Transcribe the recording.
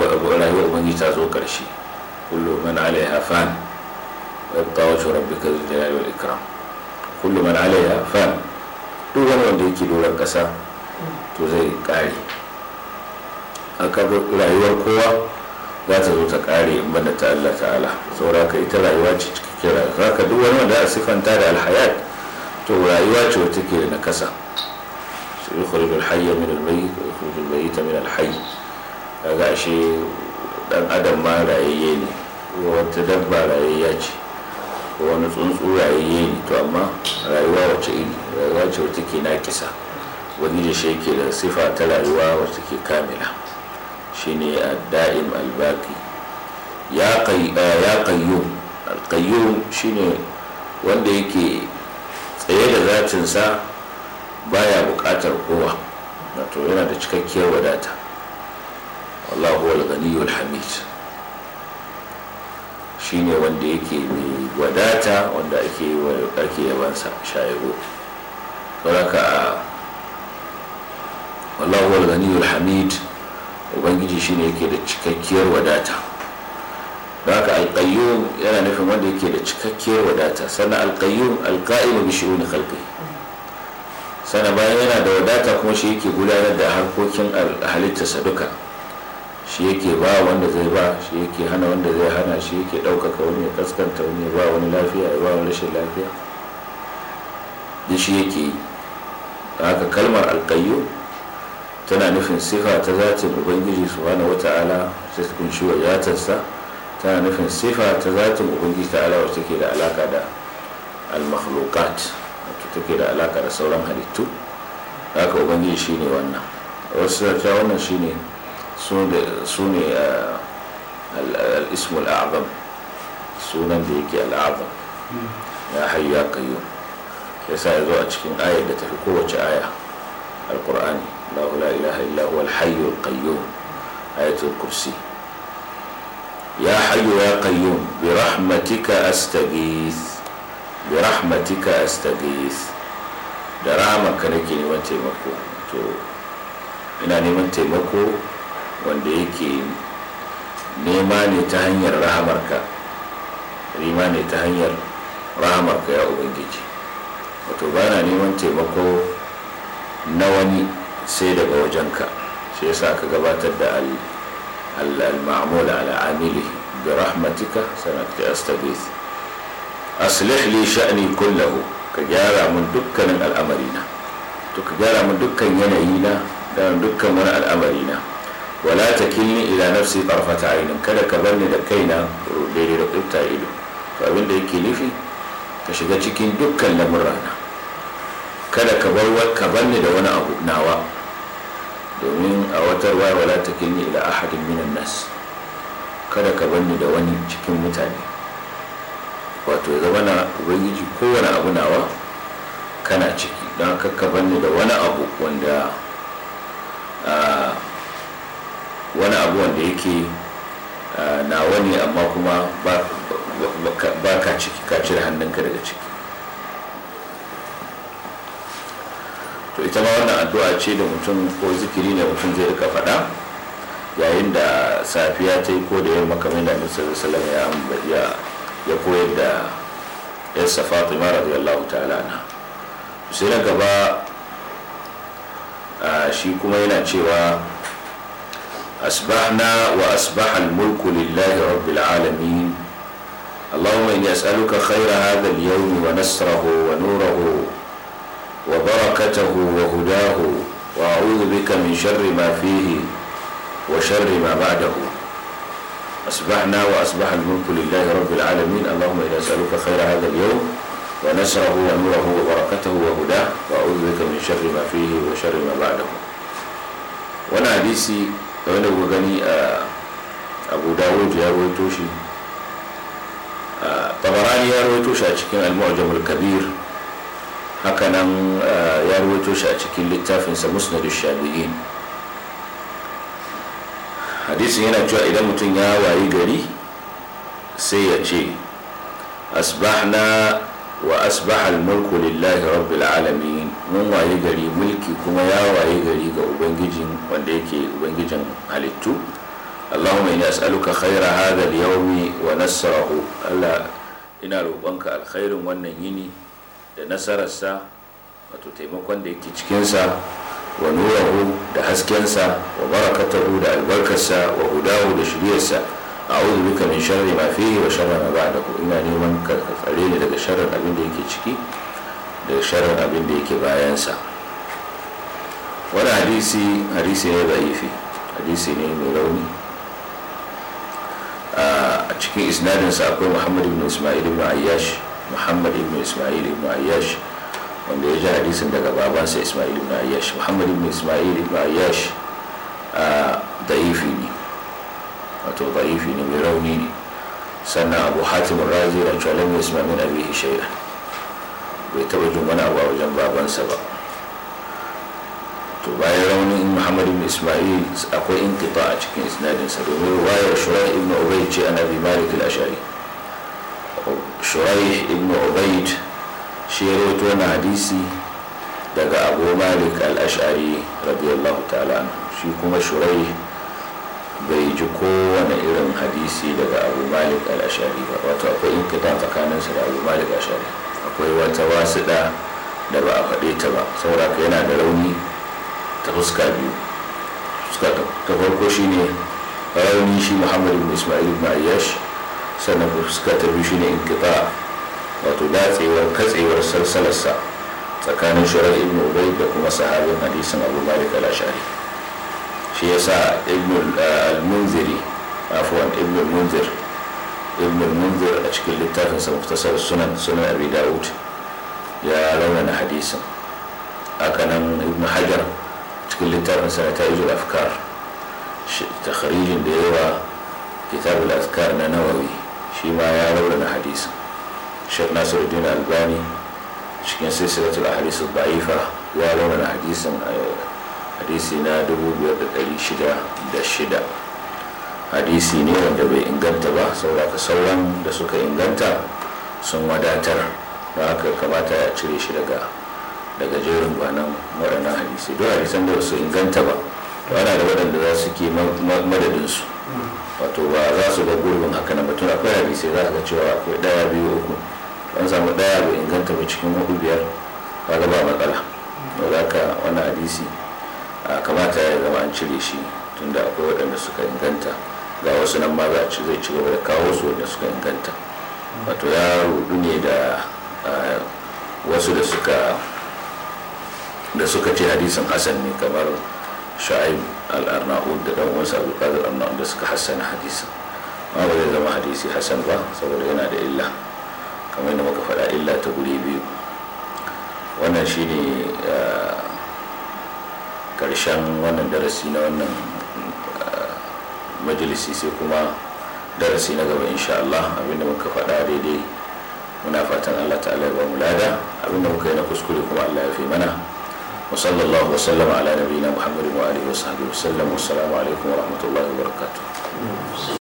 rayuwar ubangiji ta zo karshe kullu man alaiha fan wa yabqa wajhu rabbika dhul jalali wal ikram kullu man alaiha fan duk wani wanda yake doron kasa to zai kare aka rayuwar kowa za ta zo ta kare in ta Allah ta'ala ka ita rayuwa ce cikakken rayuwa duk wani wanda da alhayat to rayuwa ce wata ke na kasa su yi hayya min al-mayyit wa mayyita min al-hayy ga shi dan adam ma rayayye ne wata dabba rayayya ce wani tsuntsu rayayye ne to amma rayuwa wace iri rayuwa ce wata ke na kisa wani da shi ke da sifa ta rayuwa wata ke kamila shine da'im albaki eh, ya qayyum shi shine wanda yake tsaye da zatinsa baya bukatar kowa wato yana da cikakkiyar wadata wallahu huwal ghaniyul hamid shine wanda yake ne wadata wanda ake ake sa shayego saboda wallahu huwal ghaniyul hamid ubangiji shine yake da cikakkiyar wadata haka al-qayyum yana nufin wanda yake da cikakkiyar wadata sannan al-qa'im bi shu'uni khalqi sannan bayan yana da wadata kuma shi yake gudanar da harkokin halittarsa duka shi yake ba wanda zai ba shi yake hana wanda zai hana shi yake ɗaukaka wani ya kaskanta wani ya ba wani lafiya ya ba wani rashin lafiya duk shi yake yi haka kalmar alkayyo tana nufin sifa ta zatin ubangiji wata wata'ala ta kunshi wa zatarsa tana nufin sifa ta zatin ubangiji ala wacce ke da alaka da al wacce take da alaka da sauran halittu haka ubangiji shine wannan wasu ta wannan shine su ne eh, al'ismu al'azam sunan da yake al'azam hmm. ya hayu ya kayu yasa ya zo a cikin ayar da tafi kowace aya al lahu la ilaha illa huwa alhayyu alqayyum ayatul kursi ya hayu ya qayyum bi rahmatika astagis bi rahmatika astagis da ka nake neman taimako to ina neman taimako wanda yake nema ne ta hanyar rahamarka rima ne ta hanyar rahamarka ya ubangiji wato ba na neman taimako na wani sai daga wajenka sai sa ka gabatar da al-ma'amul ala da rahmatika sanakta astaghith aslih li sha'ni kullahu ka gyara mun dukkanin al'amarina to ka gyara mun dukkan dukkan wani al'amarina wala takilni ila nafsi tarfata ainin kada ka banni da kaina daidai da kubta ido to abin da yake nufi ka shiga cikin dukkan lamurana kada ka bar ka banni da wani abu nawa domin a watar waya wala takilni ila ahadin minan nas kada ka banni da wani cikin mutane wato zama na kowane abu nawa kana ciki don kakka banni da wani abu wanda wani abu wanda yake nawa ne amma kuma ba ka ciki ka cire hannunka daga ciki to ita ma wannan addu'a ce da mutum ko zikiri ne mutum zai rika faɗa yayin da safiya ta yi ko da yamma makamai da annabi sallallahu ya koyar da yarsa fatima radiyallahu ta'ala na sai na gaba shi kuma yana cewa أسبحنا وأسبح الملك لله رب العالمين اللهم إني أسألك خير هذا اليوم ونسره ونوره وبركته وهداه وأعوذ بك من شر ما فيه وشر ما بعده أسبحنا وأسبح الملك لله رب العالمين اللهم إني أسألك خير هذا اليوم ونسره ونوره وبركته وهداه وأعوذ بك من شر ما فيه وشر ما بعده وانا حديثي wanda ku gani a abu dawud ya rawaito shi tabarani ya rawaito shi a cikin al-mu'jamul kabir hakanan ya rawaito shi a cikin littafinsa musnad shabi'in hadisin yana cewa idan mutum ya wayi gari sai ya ce asbahna wa asbaha almulku lillahi rabbil alamin mun waye gari mulki kuma ya waye gari ga ubangijin wanda yake ubangijin halittu allahumma ina as'aluka khaira hadha al wa nasrahu allah ina roƙonka alkhairin wannan yini da nasararsa wato taimakon da yake cikinsa wa nurahu da haskensa wa barakatahu da albarkarsa wa hudahu da shiryarsa a'udhu bika min sharri ma fihi wa sharri ma ba'dahu ina neman ka tsare ni daga sharrin abin da yake ciki da sharrin abin da yake bayansa wani hadisi hadisi ne da'ifi hadisi ne mai rauni a cikin isnadinsa akwai muhammad ibn ismail ibn ayyash muhammad ibn ismail ibn ayyash wanda ya ji hadisin daga babansa ismail ibn ayyash muhammad ibn ismail ibn ayyash da'ifi ne wato ba'ifi ne mai rauni ne sannan abu hatim razi na cewa ya sami na abihi shaida bai taba jin wani abu a wajen babansa ba to bayan raunin muhammadu isma'il akwai in intifa a cikin isnadinsa domin wayar shurai ibn ubayd ce ana bi malik al-ashari shurai ibn ubayd shi ya rawaito na hadisi daga abu malik al-ashari radiyallahu ta'ala shi kuma shurai bai ji kowane irin hadisi daga abu malik al-ashari ba wato akwai inkita tsakaninsa da abu malik al-ashari akwai wata wasu da ba a faɗe ta ba saboda yana da rauni ta fuska biyu fuska ta farko shine rauni shi muhammad ibn ismail ibn ayyash sannan fuska ta biyu shine inkita wato datsewar katsewar salsalarsa tsakanin shirar ibn ubayd da kuma sahabin hadisin abu malik al-ashari shi yasa ibn eh, al-munziri afwan ibn munzir ibn munzir a cikin littafin sa muftasar sunan sunan abi daud ya raunana hadisin haka nan ibn hajar cikin littafin sa ta yi afkar takharijin da yawa kitab al-azkar na nawawi shi ma ya raunana hadisin shek nasiruddin albani cikin silsilatul ahadith ad-da'ifa ya raunana hadisin eh, hadisi na 5606 hadisi ne wanda bai inganta ba saboda sauran da suka inganta sun wadatar da aka kamata ya cire shi daga daga jerin gwanan waɗannan hadisi duk hadisan da su inganta ba to ana da waɗanda za su ke madadinsu wato ba za su ga gurbin haka na batun akwai hadisai za ga cewa akwai ɗaya biyu uku an samu ɗaya bai inganta ba cikin hudu biyar ba ga ba matsala to za ka wani hadisi kamata ya zama an cire shi tunda akwai waɗanda suka inganta ga wasu nan ma za a ci zai ci da kawo su wanda suka inganta wato ya rudu ne da wasu da suka da suka ce hadisin hassan ne kamar sha'ib al'arna'ud da ɗan wasu abu qadir da suka hassana hadisin ma ba zai zama hadisi Hassan ba saboda yana da illa kamar yadda muka faɗa illa ta guri biyu wannan shine karshen wannan darasi na wannan ah, majalisi sai kuma darasi na gaba insha Allah abinda muka faɗa daidai muna fatan Allah ta'ala ya ba mu lada abinda muka yi na kuskure kuma Allah ya fi mana wa sallallahu wa sallama ala nabiyina Muhammadin wa alihi wa sahbihi wa sallam wa assalamu alaikum wa rahmatullahi wa barakatuh